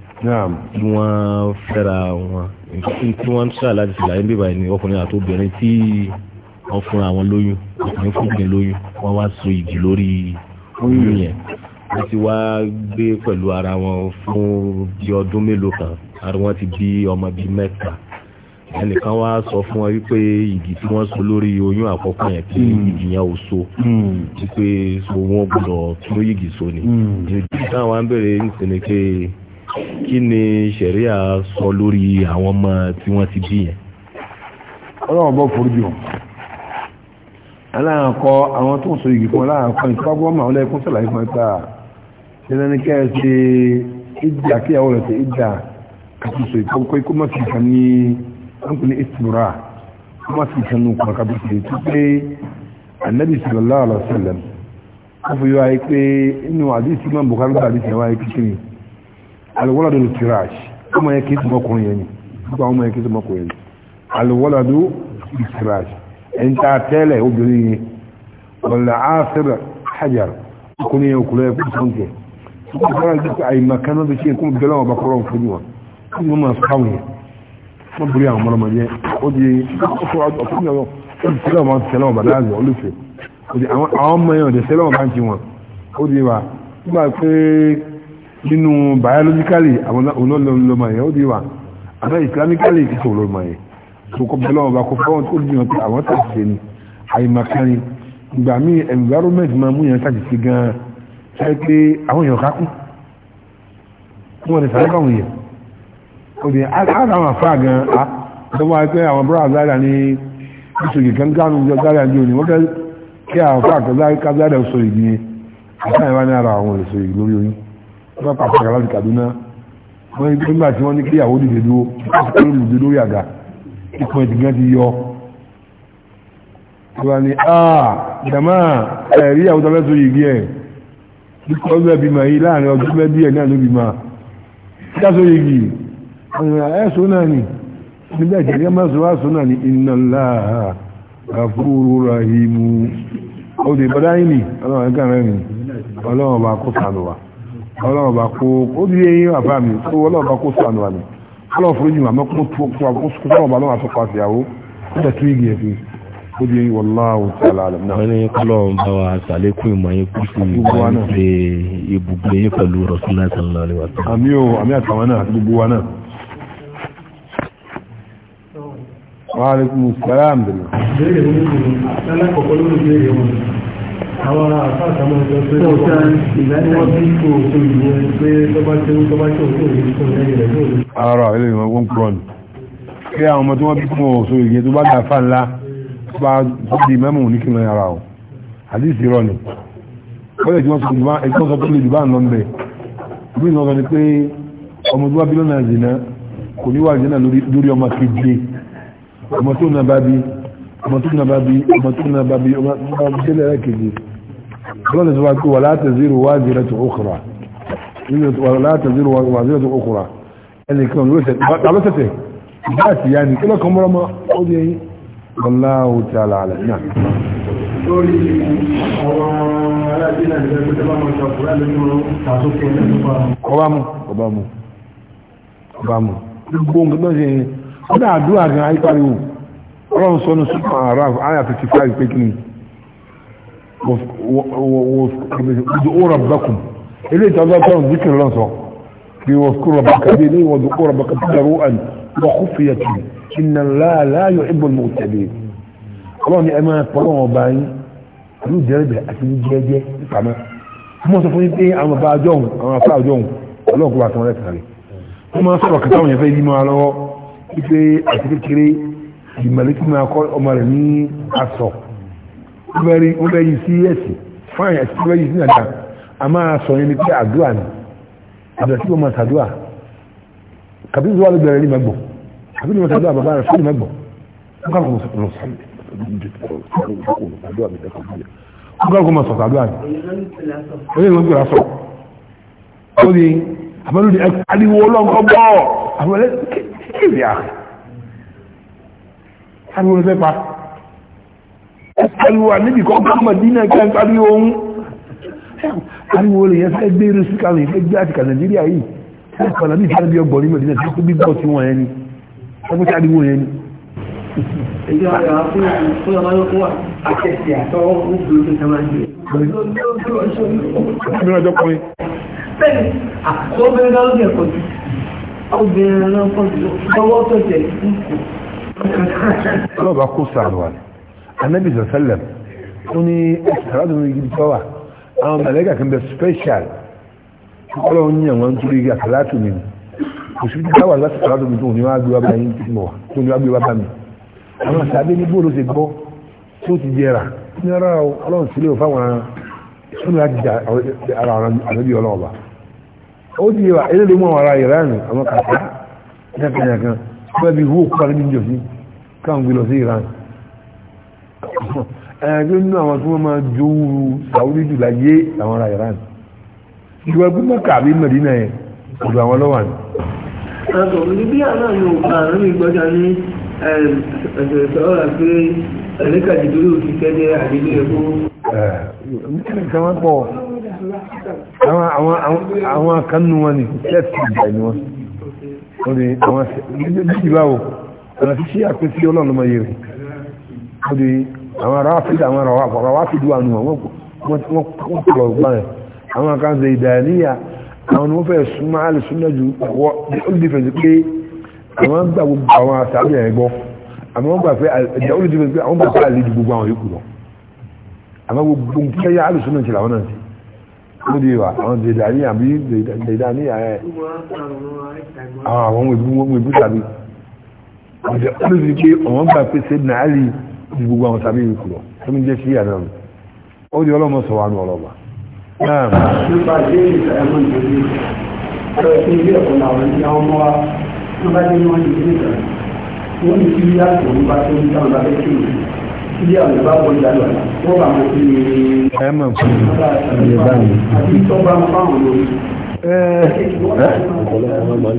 C: naam kí wọ́n fẹ́ra wọn kí wọ́n tíra láti ṣàlàyé bíbá ẹni ọkùnrin àti obìnrin tí wọ́n fúnra wọn lóyún ọkùnrin fúnbìnrin lóyún wọ́n wá so ìjì lórí oyún yẹn wọ́n ti wá gbé pẹ̀lú ara wọn fún bí ọdún mélòó kan ara wọn ti bí ọmọ bíi mẹ́ta ẹnìkan wá sọ fún wọn wípé ìdí tí wọ́n so lórí oyún àkọ́kọ́ yẹn kí hmm. ìdí yẹn ò so hmm. wípé so wọ́n gbọ́dọ̀ tún yìgì so ni hmm. ìdí táwọn á ń ń sinmi pé kí ni ṣẹ̀ríà sọ lórí àwọn ọmọ tí wọ́n ti bí yẹn.
A: ọlọ́run bọ́ foríjì wọn aláàkọ àwọn tó ń so igi fún aláàkọ ìtọ́gbọ́n màá lẹ́kún sọ̀lá ìfún ẹ̀ta ah, ṣẹlẹ̀ ní kẹ́ ẹ ṣe ìjà kíyàwó rẹ̀ ṣe ìjà kàtí so ìkọ́kọ́ ikú má fi kan ní ọ̀nkùn ní ìtura kó má ní ọkùnrin kàbí ṣe tó pé anabi sallallahu alaihi wasallam ó fi wáyé pé inú àdìsí máa bùkárí bá àdìsí wáyé kékeré alwaladu litirash ọmọ yẹn kìí tọmọkùnrin yẹn ni nípa ọmọ yẹn kìí tọmọkùnrin yẹn ni alwaladu litirash ẹni tá a tẹ́lẹ̀ obìnrin yẹn wọlé àásìrì hajar ọkùnrin yẹn òkúlẹ̀ ẹ̀kú sọ́nkẹ̀ nípa ìfọ́nà ìdí pé àyè màkà náà ti ṣe kó bẹ́lẹ̀ wọn bá kọ́rọ̀ ń fojú wọn kí wọ́n máa fáwọn yẹn wọ́n bẹ̀rẹ̀ àwọn ọmọdé ó di ọkùnrin yẹn ó ti nínú biologically àwọn olólùmọ̀ yẹn ó di wà àmọ́ islamically kìí sọ̀rọ̀ lọ́mọ yẹn tó kọ́ bẹ́lọ́ ọba kó fọ́wọ́n tó dìyàn pé àwọn tàbí ni àìmọ̀kánni ìgbà mí environment máa mú yẹn tàbí ṣe gan-an ṣáyé pé àwọn èèyàn kákún wọn lè sàrẹ́ báwọn yẹn ó di ara àwọn àfáà gan-an a lọ́wọ́ wáyé pé àwọn bọ́ra àzáyà ní ìṣòyè kankan záyà ní òní wọ́n fẹ́ kí wọ́n pàṣẹ kàkà láti Kaduna wọ́n ní nígbà tí wọ́n ní kí ìyàwó dìde dúró wọ́n ti lùdú lórí àga ikùn ẹ̀dì gan ti yọ. wọ́n ní a ah, jama ẹ̀rí ìyàwó tọ́lá sórí igi ẹ̀ nípa ọgbẹ́ bímọ yìí láàrin ọdún mẹ́bí ẹ̀ náà ló bímọ. kíkà sórí igi ẹ̀ sọ náà ni níbẹ̀ ìjẹ̀rí ẹ̀ máa sọ wá sọ náà ni inna Allah gafuru rahimu ó dé bọ́dá yìí ni ọlọ́run ẹ̀gá rẹ̀ ni ọlọ́run ọba kó sànù wa ọlọ́ọ̀bá kó ó di eyín àbá mi tó ọlọ́ọ̀bá kó sọ àná mi ọlọ́ọ̀ fún ìjìnlẹ̀ àmọ́ kó tó kó kó sọ ọlọ́ọ̀bá lọ́wọ́ àtọ́kọ àtìyàwó ó dẹ̀ tún igi ẹ̀fí ó di eyín wallahu ta'ala alam náà. wọ́n ní kọ́lọ́ọ̀n bá wa sàlékún ìmọ̀ yín kú sí ìgbàlódé ibùgbé yín pẹ̀lú Rasulullah sallallahu alaihi wasallam. àmì o àmì àtàwọn náà àti gbogbo wa náà. wa alaikum salaam
B: àwọn àfáàkà máa ń sọ pé wọ́n tán ìgbàlẹ́ wọ́n bí kò tó ìyẹn pé tó bá tó tó bá tó tó ìyẹn tó lẹ́yìn rẹ̀ lóòrùn.
A: ara ilé ìwọ̀n wọ́n pọ̀ ní pé àwọn ọmọ tí wọ́n bí kò tó ìyẹn tó bá gbà fà ńlá tó bá di mẹ́mù ní kìnnà ara o àdìsí rọ ni wọ́n lè tí wọ́n sọ pé ẹgbẹ́ sọ pé lè dùbà ń lọ nbẹ̀ bí ìwọ̀n sọ ni pé ọmọ tí wọ́n bí lọ́nà àzìnà kò ní wà àzìnà lórí ọmọ kejì ọmọ tó nà bá bí ọmọ tó nà bá bí ọmọ tó nà bá bí ọmọ tó nà bá bí ọmọ tó nà bá bí قال زواج ولا تزير وازرة أخرى ولا تزير وازرة أخرى اللي كان لسه قالوا تته بس يعني كل كمرة ما أودي والله تعالى على نعم Ọbámu. Ọbámu. Ọbámu. Gbogbo nǹkan náà ṣe yẹn. Ó dá àdúrà gan-an ayípariwo. Ọlọ́run sọ́nu Súpà Araf, Aya 55 pé kí ni? ودعوا ربكم إليه تعالى تعالى ذكر الله صح واذكر ربك بيني ودعوا ربك تدروا وخفية إن الله لا يحب المغتبين الله ni ẹmọ pọ̀lọ́wọ́ báyìí ló jẹ́rẹ́ bẹ̀rẹ̀ àti ní jẹ́jẹ́ pàmọ́ mọ́ sọ fún pé àwọn bá jọun àwọn afá jọun ọlọ́ọ̀kú bá tán lẹ́tà rẹ̀ wọ́n máa sọ̀rọ̀ kẹta òyìnbó yìí máa ó bẹ́ yìí sí ẹ̀sìn fáìn ẹ̀sìn tó bẹ́ yìí sí nàdá a máa sọ yẹn ni pé àdúrà ni àdúrà tí wọ́n máa sàdúrà kàbíyèsí wà ló bẹ̀rẹ̀ ní mẹ́gbọ̀ kàbíyèsí wọ́n sàdúrà bàbá rẹ̀ fún ní mẹ́gbọ̀ wọ́n kàkọ́ mọ̀ sọ̀tọ̀ àdúrà ni
B: ó yẹ kó gbèrà sọ̀rọ̀
A: ó ní àbálòdì aliwo ọlọ́nkọ́ bọ́ọ̀ àbálòdì kí ariwo níbi kan kọ́ mọ̀dínà kí a ń parí ohun ariwo lè yẹn fẹ́ gbé rísí kalẹ̀ fẹ́ gbé àtìkà nàìjíríà yìí tí ó pàdánù ìfẹ́ bí ọgbọ̀n ní mọ̀dínà tí ó bí bọ́ tí wọ́n yẹn ni ọgbọ́n tí ariwo yẹn ni.
B: èyí wà á fún fún ọmọ yóò wà àkẹsì àtọwọ́ ó fi oṣù tó máa ń gbé. ọmọ ọjọ́ kan. bẹ́ẹ̀ni
A: obìnrin náà ọlọ́ba kó sàlùwà ni anabi sọ̀sẹ́lẹ̀ ó ní ẹ̀sìtàrádùn ní ibi tọ́wà àwọn mẹ̀lẹ́gà kan bẹ special ọlọ́ ní àwọn ń torí àkàlátù mi kò sí bí táwà láti sọ̀rọ̀ mi tó ní wá gbé wá bá yín tí mo wà tó ní wá gbé wá bá mi àwọn sàbẹ̀ ní bóòlù ṣe gbọ́ tó ti jẹrà ní ara ọlọ́run sílẹ̀ ò fáwọn sọ́nà láti jà ara ànábì ọlọ́ọ̀bà ó ti yẹ wa eléyìí mú àwọn ará ìran àwọn kàtà ní àkànyàkan bẹ́ẹ̀ bí wó kọ́ níbi káwọn gbé lọ sí ìran ẹgbẹ́ nínú àwọn tí wọ́n máa jowúru sàwúrí jù láyé àwọn ará Iran ìwọ ẹgbẹ́ mọ́kà àbí mẹ́dínà yẹn ọ̀dọ̀ àwọn lọ́wọ́ ni.
B: ọ̀sọ̀ níbí àná ni òkà àrùn ìgbọ́jà ní ẹ̀sẹ̀ sọ́ra pé
A: ẹ̀lẹ́kà dìdúró ti tẹ́lẹ̀ àdílé ẹ̀kọ́. àwọn akánú wọn ni tẹ́ẹ̀tì ìgbà ni wọn wọ́n ni àwọn méjì báwo ọ̀nà tí ṣí àpèsí ọlọ́run ọmọ yẹ̀rì àwọn ará áfíríkà àwọn ará wà áfíríkà wà nù wọn wọ́n tọrọ gbọ́n ẹ̀ àwọn kan ṣe ìdàníyà àwọn ni wọ́n fẹ́ súnmọ́ alìsúnmọ́ ju wọ́n olùdífẹ̀sì pé àwọn gbà gbogbo àwọn àtàbí ẹ̀ gbọ́ àwọn gbà pé ẹ̀dà olùdífẹ̀sì pé àwọn gbà pé àlejò gbogbo àwọn yòókù lọ àwọn gbogbo nǹkan yá alìsúnmọ́ ti làwọn náà ti ó di wa àwọn ìdàníyà bí ìdàníyà ẹ̀ àwọn ìbú tàbí olùdífẹ̀sì pé àwọn gbà pé sẹ́dínà alì ju gbogbo àwọn tàbí ìrìkù lọ tó ń jẹ́ sí àná mi ó di ọlọ́mọ sọ wa nù ọlọ́ba.
B: nípa ìdílé ìfẹ́mọ̀ ìdílé ọ̀rọ̀ sí ilé ẹ̀kọ́ làwọn ìyá ọmọ wa tó bá dé wọn ìdílé ìfẹ́ wọn ní kí yíyá kò ní bá tó ń dáhùn lábẹ́ kí ìlú ilé àwọn ìbá wọ ìdálọ́ wọn bá mọ̀ sí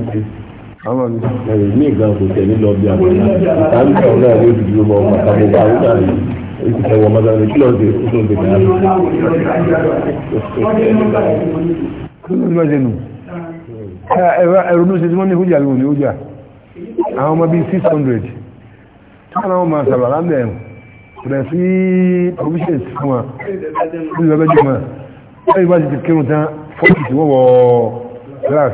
C: ń fáwọn ní ìgbà kò tẹ̀lé lọ bí àbúrò ìta ń tẹ̀ náà ní ojú ọmọ ọmọ àtàwọn ọmọ àwọn náà ní oṣù tẹ̀wọ̀n ọmọ náà ní kí lọ́ọ̀dẹ̀ ó tún bẹ̀rẹ̀ náà.
A: kí ló ń bá ṣe nù ẹ̀rọ ní oṣù tí wọ́n ní hújà lóhùn ní hújà àwọn ọmọ bíi six hundred táwọn ọmọ àṣàbà lábẹ́ ẹ̀ rẹ̀ sí provisions fún wa ní ìlọ́gbẹ́jọ́ mọ́ ẹ̀yìn bá ti ti kírun tán fọ́ọ̀tù tí wọ́n wọ glass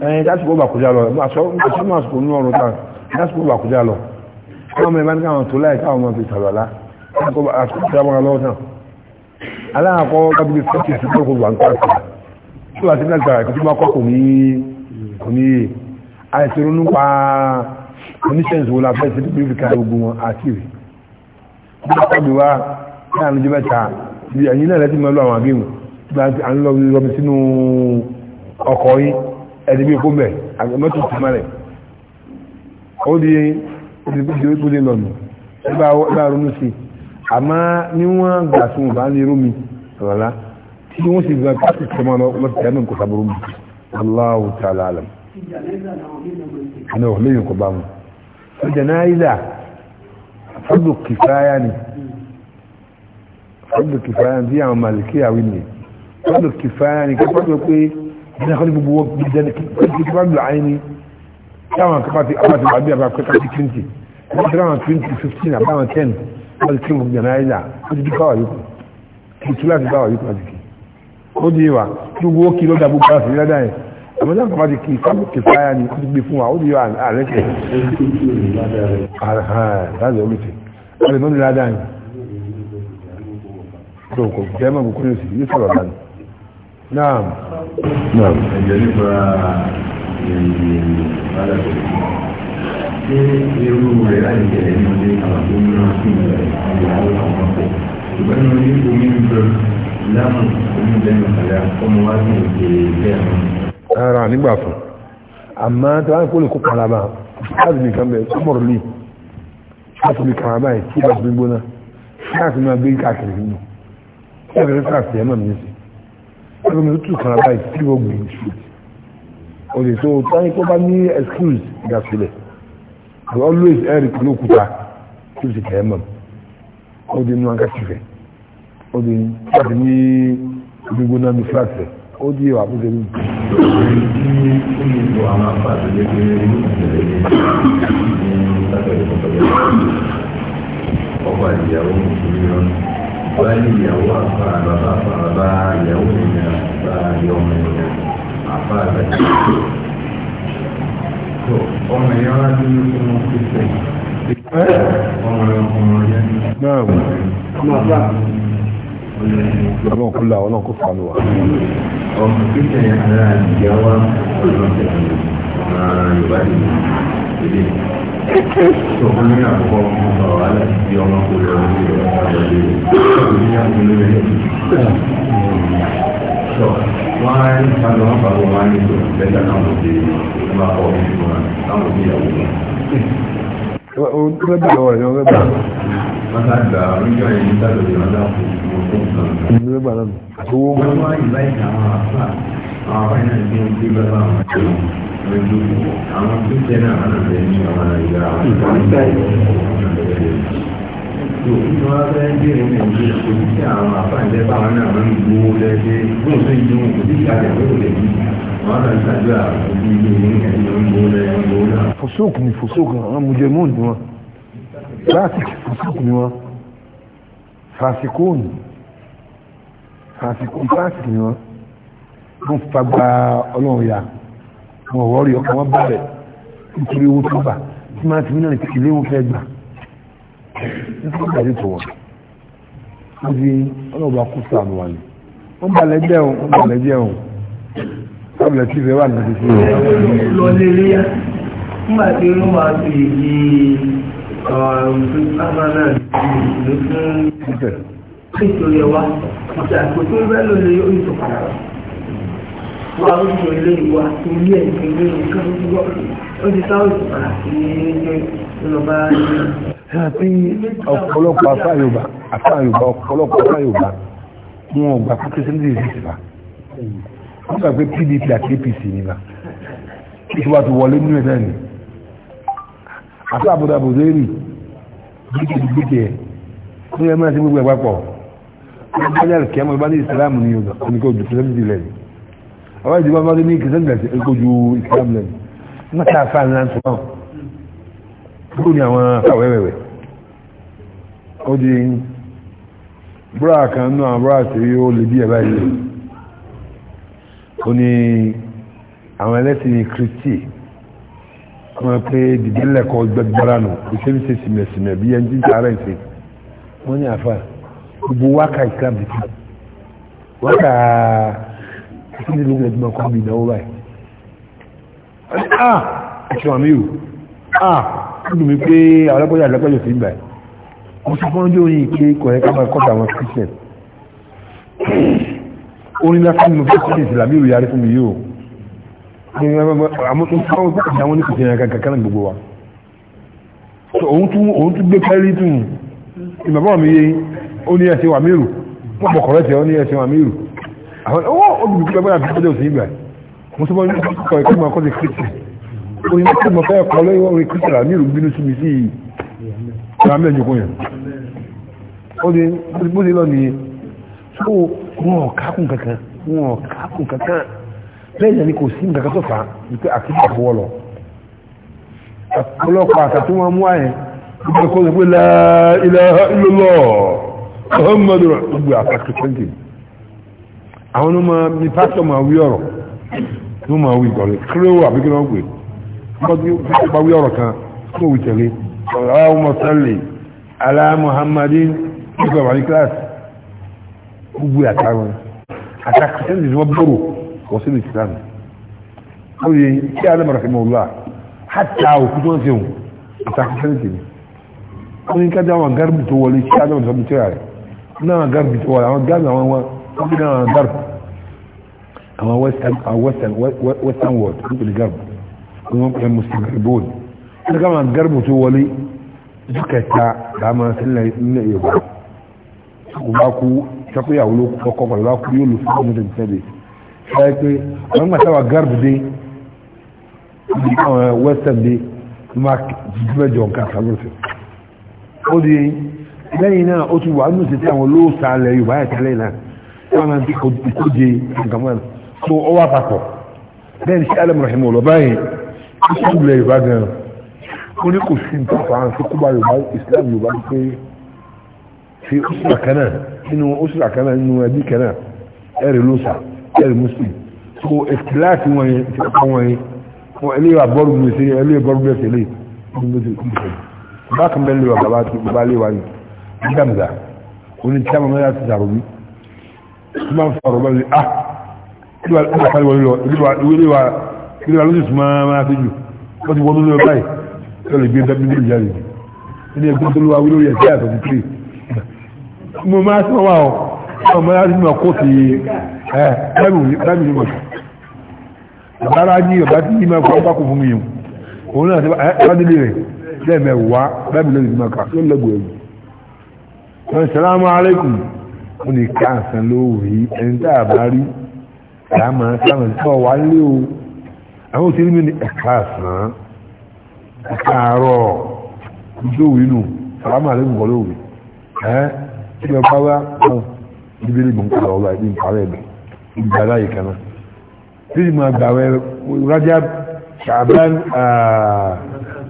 A: ẹ̀yìn eh, lásìkò bàkújá lọ àṣọ́mọ̀ àṣìkò ní ọ̀rọ̀ tán lásìkò bàkújá lọ káwọn mẹ́rin bá ní káwọn tó láì káwọn mọ́ fi sàlọ́lá àṣìkò ìjábọ̀n lọ́wọ́ náà aláàkọ́ gábílì fẹ́tì ìsìnkú kò wà ń kọ́ tí wà sí nàgbà ẹ̀kọ́ tó bá kọ́ kò ní kò ní àìsí ronú pa oníṣẹ́ǹsì wo la fẹ́ sí bí fìkà gbogbo wọn àti rè bí wọ́n tàbí wá láàrin jẹ́ mẹ́ta ẹ̀yìn náà lẹ́tí mọ́ lọ àwọn àgbéwò tí wọ́n á ń lọ rọmi sínú ọkọ̀ yìí ẹni bí kó mẹ́ àgbẹ̀mọ́tò ti mẹ́rẹ̀ ó di ìdíkú dé lọ́nà ẹgbà ronú sí àmá níwọ̀n gbà tí wọ́n bá ní irú mi rọ̀lá tí wọ́n sì gbà pàtàkì tẹ́mọ́ lọ́tẹ̀ ẹ̀mí kò sábúrú mi Allahu ta'ala alam ẹni ò léyìn kò bá mu ó jẹ náà ìdá fọ́dù kìfáyà ni fọ́dù kìfáyà bí àwọn màlìkíyàwó ni fọ́dù kìfáyà ni kí ní ẹ̀kọ́ ní gbogbo owó jẹ́ni kí kí bá ń lò ayé ní táwọn kan bá ti àwọn àti àbí àbá pẹ́ka sí twenty wọ́n ti ráwọn twenty fifteen àbá àwọn ten wọ́n ti kí wọn jẹ̀nà ayé náà ó ti di báwà yòókù kí tú láti báwà yòókù láti kì ó di wa kí gbogbo owó kí lọ́dà gbogbo àti lọ́dà yẹn àmọ́ náà kọ́ bá ti kì í sábò kì fáyà ni ó ti gbé fún wa ó di wa ààrẹ tẹ̀ láti ọ̀rẹ́ tẹ̀ ọ̀rẹ́ mọ́ni ládà yẹn kò kò jẹ́ mọ́ ẹ̀jẹ̀ nípa
B: eh, ṣé irú rẹ̀ láti tẹ̀lé ní ọdẹ àwọn tó ń rán sí
A: ìwà àwọn ọmọ ọ̀pọ̀ ṣùgbọ́n
B: ní orí omi ń bẹ lámù omi lẹ́nu àlẹ́ ọmọ wa sì ń ṣe ilé àwọn.
A: ara nígbà fún àmọ́ tí wọ́n á kó lè kó kalaba láti nìkan bẹ̀ sọ́mọ̀rọ̀ lè láti lè kalaba yìí tí ìbáṣepọ̀ gbóná láti máa gbé káàkiri nínú kí ẹ̀rọ káàkiri ẹ̀ máa mi sí ẹgbẹ́ mi tún kàn báyìí tí wọ́n gbìn jù o lè so táyé tó bá ní excuse ìdásílẹ̀ i always ẹ̀rì pẹ̀lú òkúta tó ti kẹ́ mọ̀ ó di inú ankásífẹ̀ ó di láti ní gbogbo náà ní flat rẹ̀ ó di ìwà àkóso ní.
B: ọba ìyàwó ìlú yọrọ wọ́n ní ìyàwó àfa bàbá àfa bàbá ìyàwó ènìyàn bá yọ ọmọ ènìyàn àfa àgbàdo. ọmọ ìyá wa ní ọmọ kíkọ. ọmọ ọmọ yẹn. náà ọmọ àfa. ọlọ́run kó la ọlọ́run kó fa mi wá. ọmọ kíkọ yẹn ara ìyàwó àfa ọlọ́run kẹ̀kẹ́ ọmọ yorùbá yìí ìdílé tó fún mi àkọ́kọ́ mo bá wà lẹ́ bí ọmọ kò lọ sí ọ̀rọ̀ ìdílé tó ní àkókò lórí ẹ̀ tó wọ́n á ní sáré wọn bá wọn wá ní tó lẹ́jà náà mo ti bá ọ̀ ní ìlú wọn láwọn bí ìyàwó wọn.
A: Òun tó bẹ́ẹ̀ lọ́wọ́ rẹ̀ lọ́wọ́ bẹ́ẹ̀.
B: Wọ́n ká pẹ̀lú àwọn kíkẹ́ náà wọn àti ẹni àwọn ìyá àwọn ìgbà ìgbà ìgbà bẹ́ẹ̀ bí ẹni ẹ̀jẹ̀ kò sí sí àwọn àfáàjẹ́ báwọn náà wọ́n ń gbowó
A: lẹ́gbẹ́ bóun tó ń dún kò sí sí àjẹ́ bóun lè bí wọ́n kàn ṣàdúrà òbí ilé ìwé ẹ̀jẹ̀ ń gbowó lẹ́yìn gbowó náà. fòsókù ni fòsókù àwọn mùjẹ̀mú ni wọn láti fòsókù ni wọn fàṣíkò ni fàṣíkò fàṣíkò ni wọn wọ́n fagbá ọlọ́run yá àwọn ọ̀rọ̀ rí ọkọ̀ wọn bẹ̀rẹ̀ nítorí owó tó bà tí máa ti ní náà ilé wọn fẹ́ gbà nítorí ìgbàdí tó wọn ó di ọlọ́ọ̀bà kú sàánù wà ní wọ́n bà lẹ́jẹ̀ o wọ́n bà lẹ́jẹ̀ o tábìlẹ̀ tí ìfẹ́ wà ní títí rẹ̀. lọ́lé
B: rí nígbà tí wọ́n máa fi di ọ̀rùn tó sábà náà ló fún nítorí ẹwà ìṣàkóso bẹ́ẹ̀ ló lè yọ ìṣòkòrò wà ó jù ilé ìwà àti ilé ẹ̀sìn ilé nǹkan tó ti
A: wọ́ ó ti sáwọ́ ìsìnkà sí ilé ìlọ́ba àti ọ̀pọ̀lọpọ̀ afá yorùbá afá yorùbá ọ̀pọ̀lọpọ̀ afá yorùbá wọn ò gbà pé kìrìsìtẹ́nì ti sì fà wọ́n gbà pé pdp àti apc nígbà ìṣòwò àti wọlé nínú ẹ̀dá ni àti àbúdàbò lérì gbígbèdìgbèdè ẹ̀ ní ẹ̀mọ́ ẹ̀sìn gbogbo ẹ̀ papọ̀ wọ́n bá ní àlùkìyàmọ́ bá ní ìsìlámù ní ọ̀nà oníkó òjò pẹ̀lú ìdílé yìí àwọn ìdìbò ọmọdé ní kìsẹ́ńtì ẹ̀sẹ̀ ẹ̀kọ́ ju islam lẹ́nu wọ́n ká afá ńlá ń tó náà kúrò ní àwọn afáwẹ́wẹ́wẹ́ ó di búrà kan náà àwọn búrà tí ó lè bí ẹ̀bá yìí ó ní àwọn ẹlẹ́sìn kristi wọ́n pé dìde lẹ́kọ̀ọ́ gbẹgbẹ́ra nù kò ṣe ń ṣe sìmẹ̀sìmẹ̀ bí ẹni tí ń sàárẹ̀ ń ṣe wọ́n ní àfà gbogbo wákà islam ti wákà kí ní lóògùn ẹgbẹ́ ọkọ̀ bí ìnáwó báyìí ah ẹ̀ṣọ́ àmì ò ah ọdún mi pé alágbọ́jà alágbọ́jà sí ìgbà mo sọ fún ọjọ́ yìí pé kò ẹ ká máa kọ́ta àwọn christian orin lásán ni mo fẹ́ sí ìsìlámì ò yarí fún mi yóò àwọn tó fáwọn tó kàdá wọn ní kìtìyàn kankan náà gbogbo wa òun tún gbé pẹ́ẹ́lí tún ìmọ̀bọ́n mi yé ó ní ẹ̀sìn wà mí rù wọ́n bọ̀ kọ̀rẹ́tì ó àwọn ọwọ́ olùdókòwò ẹgbẹ́ àti ìpínlẹ̀ òsì ìgbà mo sọ fún ọkọ̀ ìkọ́ ìmọ̀ ọkọ̀dé kristian ó ní kí mo fẹ́ kọ́ lọ́wọ́ orin kristian ní ìlú bínú sí mi sí ìrànlẹ́ ìjọkọ̀ yẹn ó ní bó ṣe lọ nìyẹn tó wọn ò kákùn kankan wọn ò kákùn kankan lẹ́yìn ẹni kò sí nǹkan tó fà á wípé àti ìfọwọ́ lọ ọlọ́pàá àtàtí wọn mú àyẹn ìgbẹ́kọ̀ọ́ la ilaha illallah muhammadu gbogbo àtàkì 20 àwọn ọmọ mi pásítọ̀ máa wí ọ̀rọ̀ ló máa wí ìgbọ̀nrẹ̀ kíró àbí kí wọ́n gbé wọ́n bá wí ọ̀rọ̀ kan tó wù tẹ̀lé ọ̀rọ̀ ọmọ sẹ́lẹ̀ alá muhammadin nígbà wà ní kíláàsì gbogbo àtàwọn àtàkùsẹ́lẹ̀ tí wọ́n bọ̀rọ̀ wọ́n sí islam ó yẹ kí alẹ́ mọ̀rọ̀ fẹ́mọ̀ wúlọ́ hàtà òkú tó ń fi hùn àtàkùsẹ́lẹ̀ tèmi ó ní gómìnà darb àwọn western western western world ń pèlè garb wọn pè muslim garibon ní ká máa garbu tó wọlé dúkẹta dáàmà sílẹ̀ nílẹ̀ yorùbá kò bá kú sọpéyàwó ló kọ́kọ́ pàlọ́ bá kú yóò lò fún ọmọdé tẹ́lẹ̀ ṣáyé pé àwọn gbàtà wà garb dé ní àwọn western dé mark jíjúmẹ́jọ nǹkan kàlọ́sẹ̀ ó di lẹ́yìn náà ó ti wà nù sí ti àwọn olóòsà alẹ́ yorùbá ẹ̀tẹ́lẹ̀ wọn ti kóje nǹkan mọ́ so ó wà papọ̀ bẹ́ẹ̀ ni sẹ́lẹ̀ mọ̀rọ̀hìn mọ̀ báyìí ó sì ń lẹ̀ yorùbá gan ó ní kò sí nǹkan fàáhàn sí kúbà yorùbá islam yorùbá ní pé ṣe ó sì kàkánà nínú ó sì kàkánà nínú ẹbí kẹnà ẹrì lóṣà ẹrì muslim so ìfìláàtì wọn yẹn ti kọ́ wọn yẹn wọn ẹlẹ́yà bọ́ọ̀lù mi sí ẹlẹ́yà bọ́ọ̀lù mi sí ẹlẹ́yà bákan bẹ́ẹ̀ lè wà bàbá tó bàbá lè wà ní gbàmùdà oní tí a máa ń yára ti sàrò mi máa ń fọ̀rọ̀ bá lè á ìgbàlẹ̀ wọlé lọ ìgbàlẹ̀ lọ́sí máa máa fi jù wọ́n ti wọ́n lọ́wọ́ báyìí tó lè gbé dábìlì ní ìjáde ní ẹgbẹ́ tó lọ́wọ́ lórí ẹ̀sẹ̀ àtọ̀ ti pè mo máa sí wọn ọ ọ máa sí wọn kó ti ẹ lábì ní mọ̀tò àbára ní ọ̀bá tí máa fọ́ pákó fún mi yìí òun náà ti bá délé rẹ̀ lẹ́ẹ̀mẹ̀ wá lábì lẹ́yìn máa ó lè ká àǹsàn lóòrè ẹni tá a bá rí àmà sáwọn ìtọ́ wà lé o àwọn òṣèré mi ní ẹ̀ka àsán ẹ̀ka àárọ̀ ìjòwì nù sàlámà lè gbọ́ lóòrè ẹ́ tí lọ bá wá náà níbi lè gbọ́n kọ́lọ̀ ọba ìdí ìpàrọ̀ ẹ̀bẹ̀ ìgbà láyé kan náà tí mo gbà wẹ rájá ṣàbán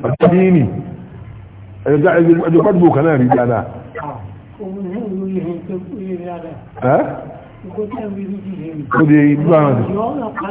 A: ọ̀tọ́ bí ní kan náà rí dáadáa
B: Ó di ìlú àwọn ọ̀dọ̀.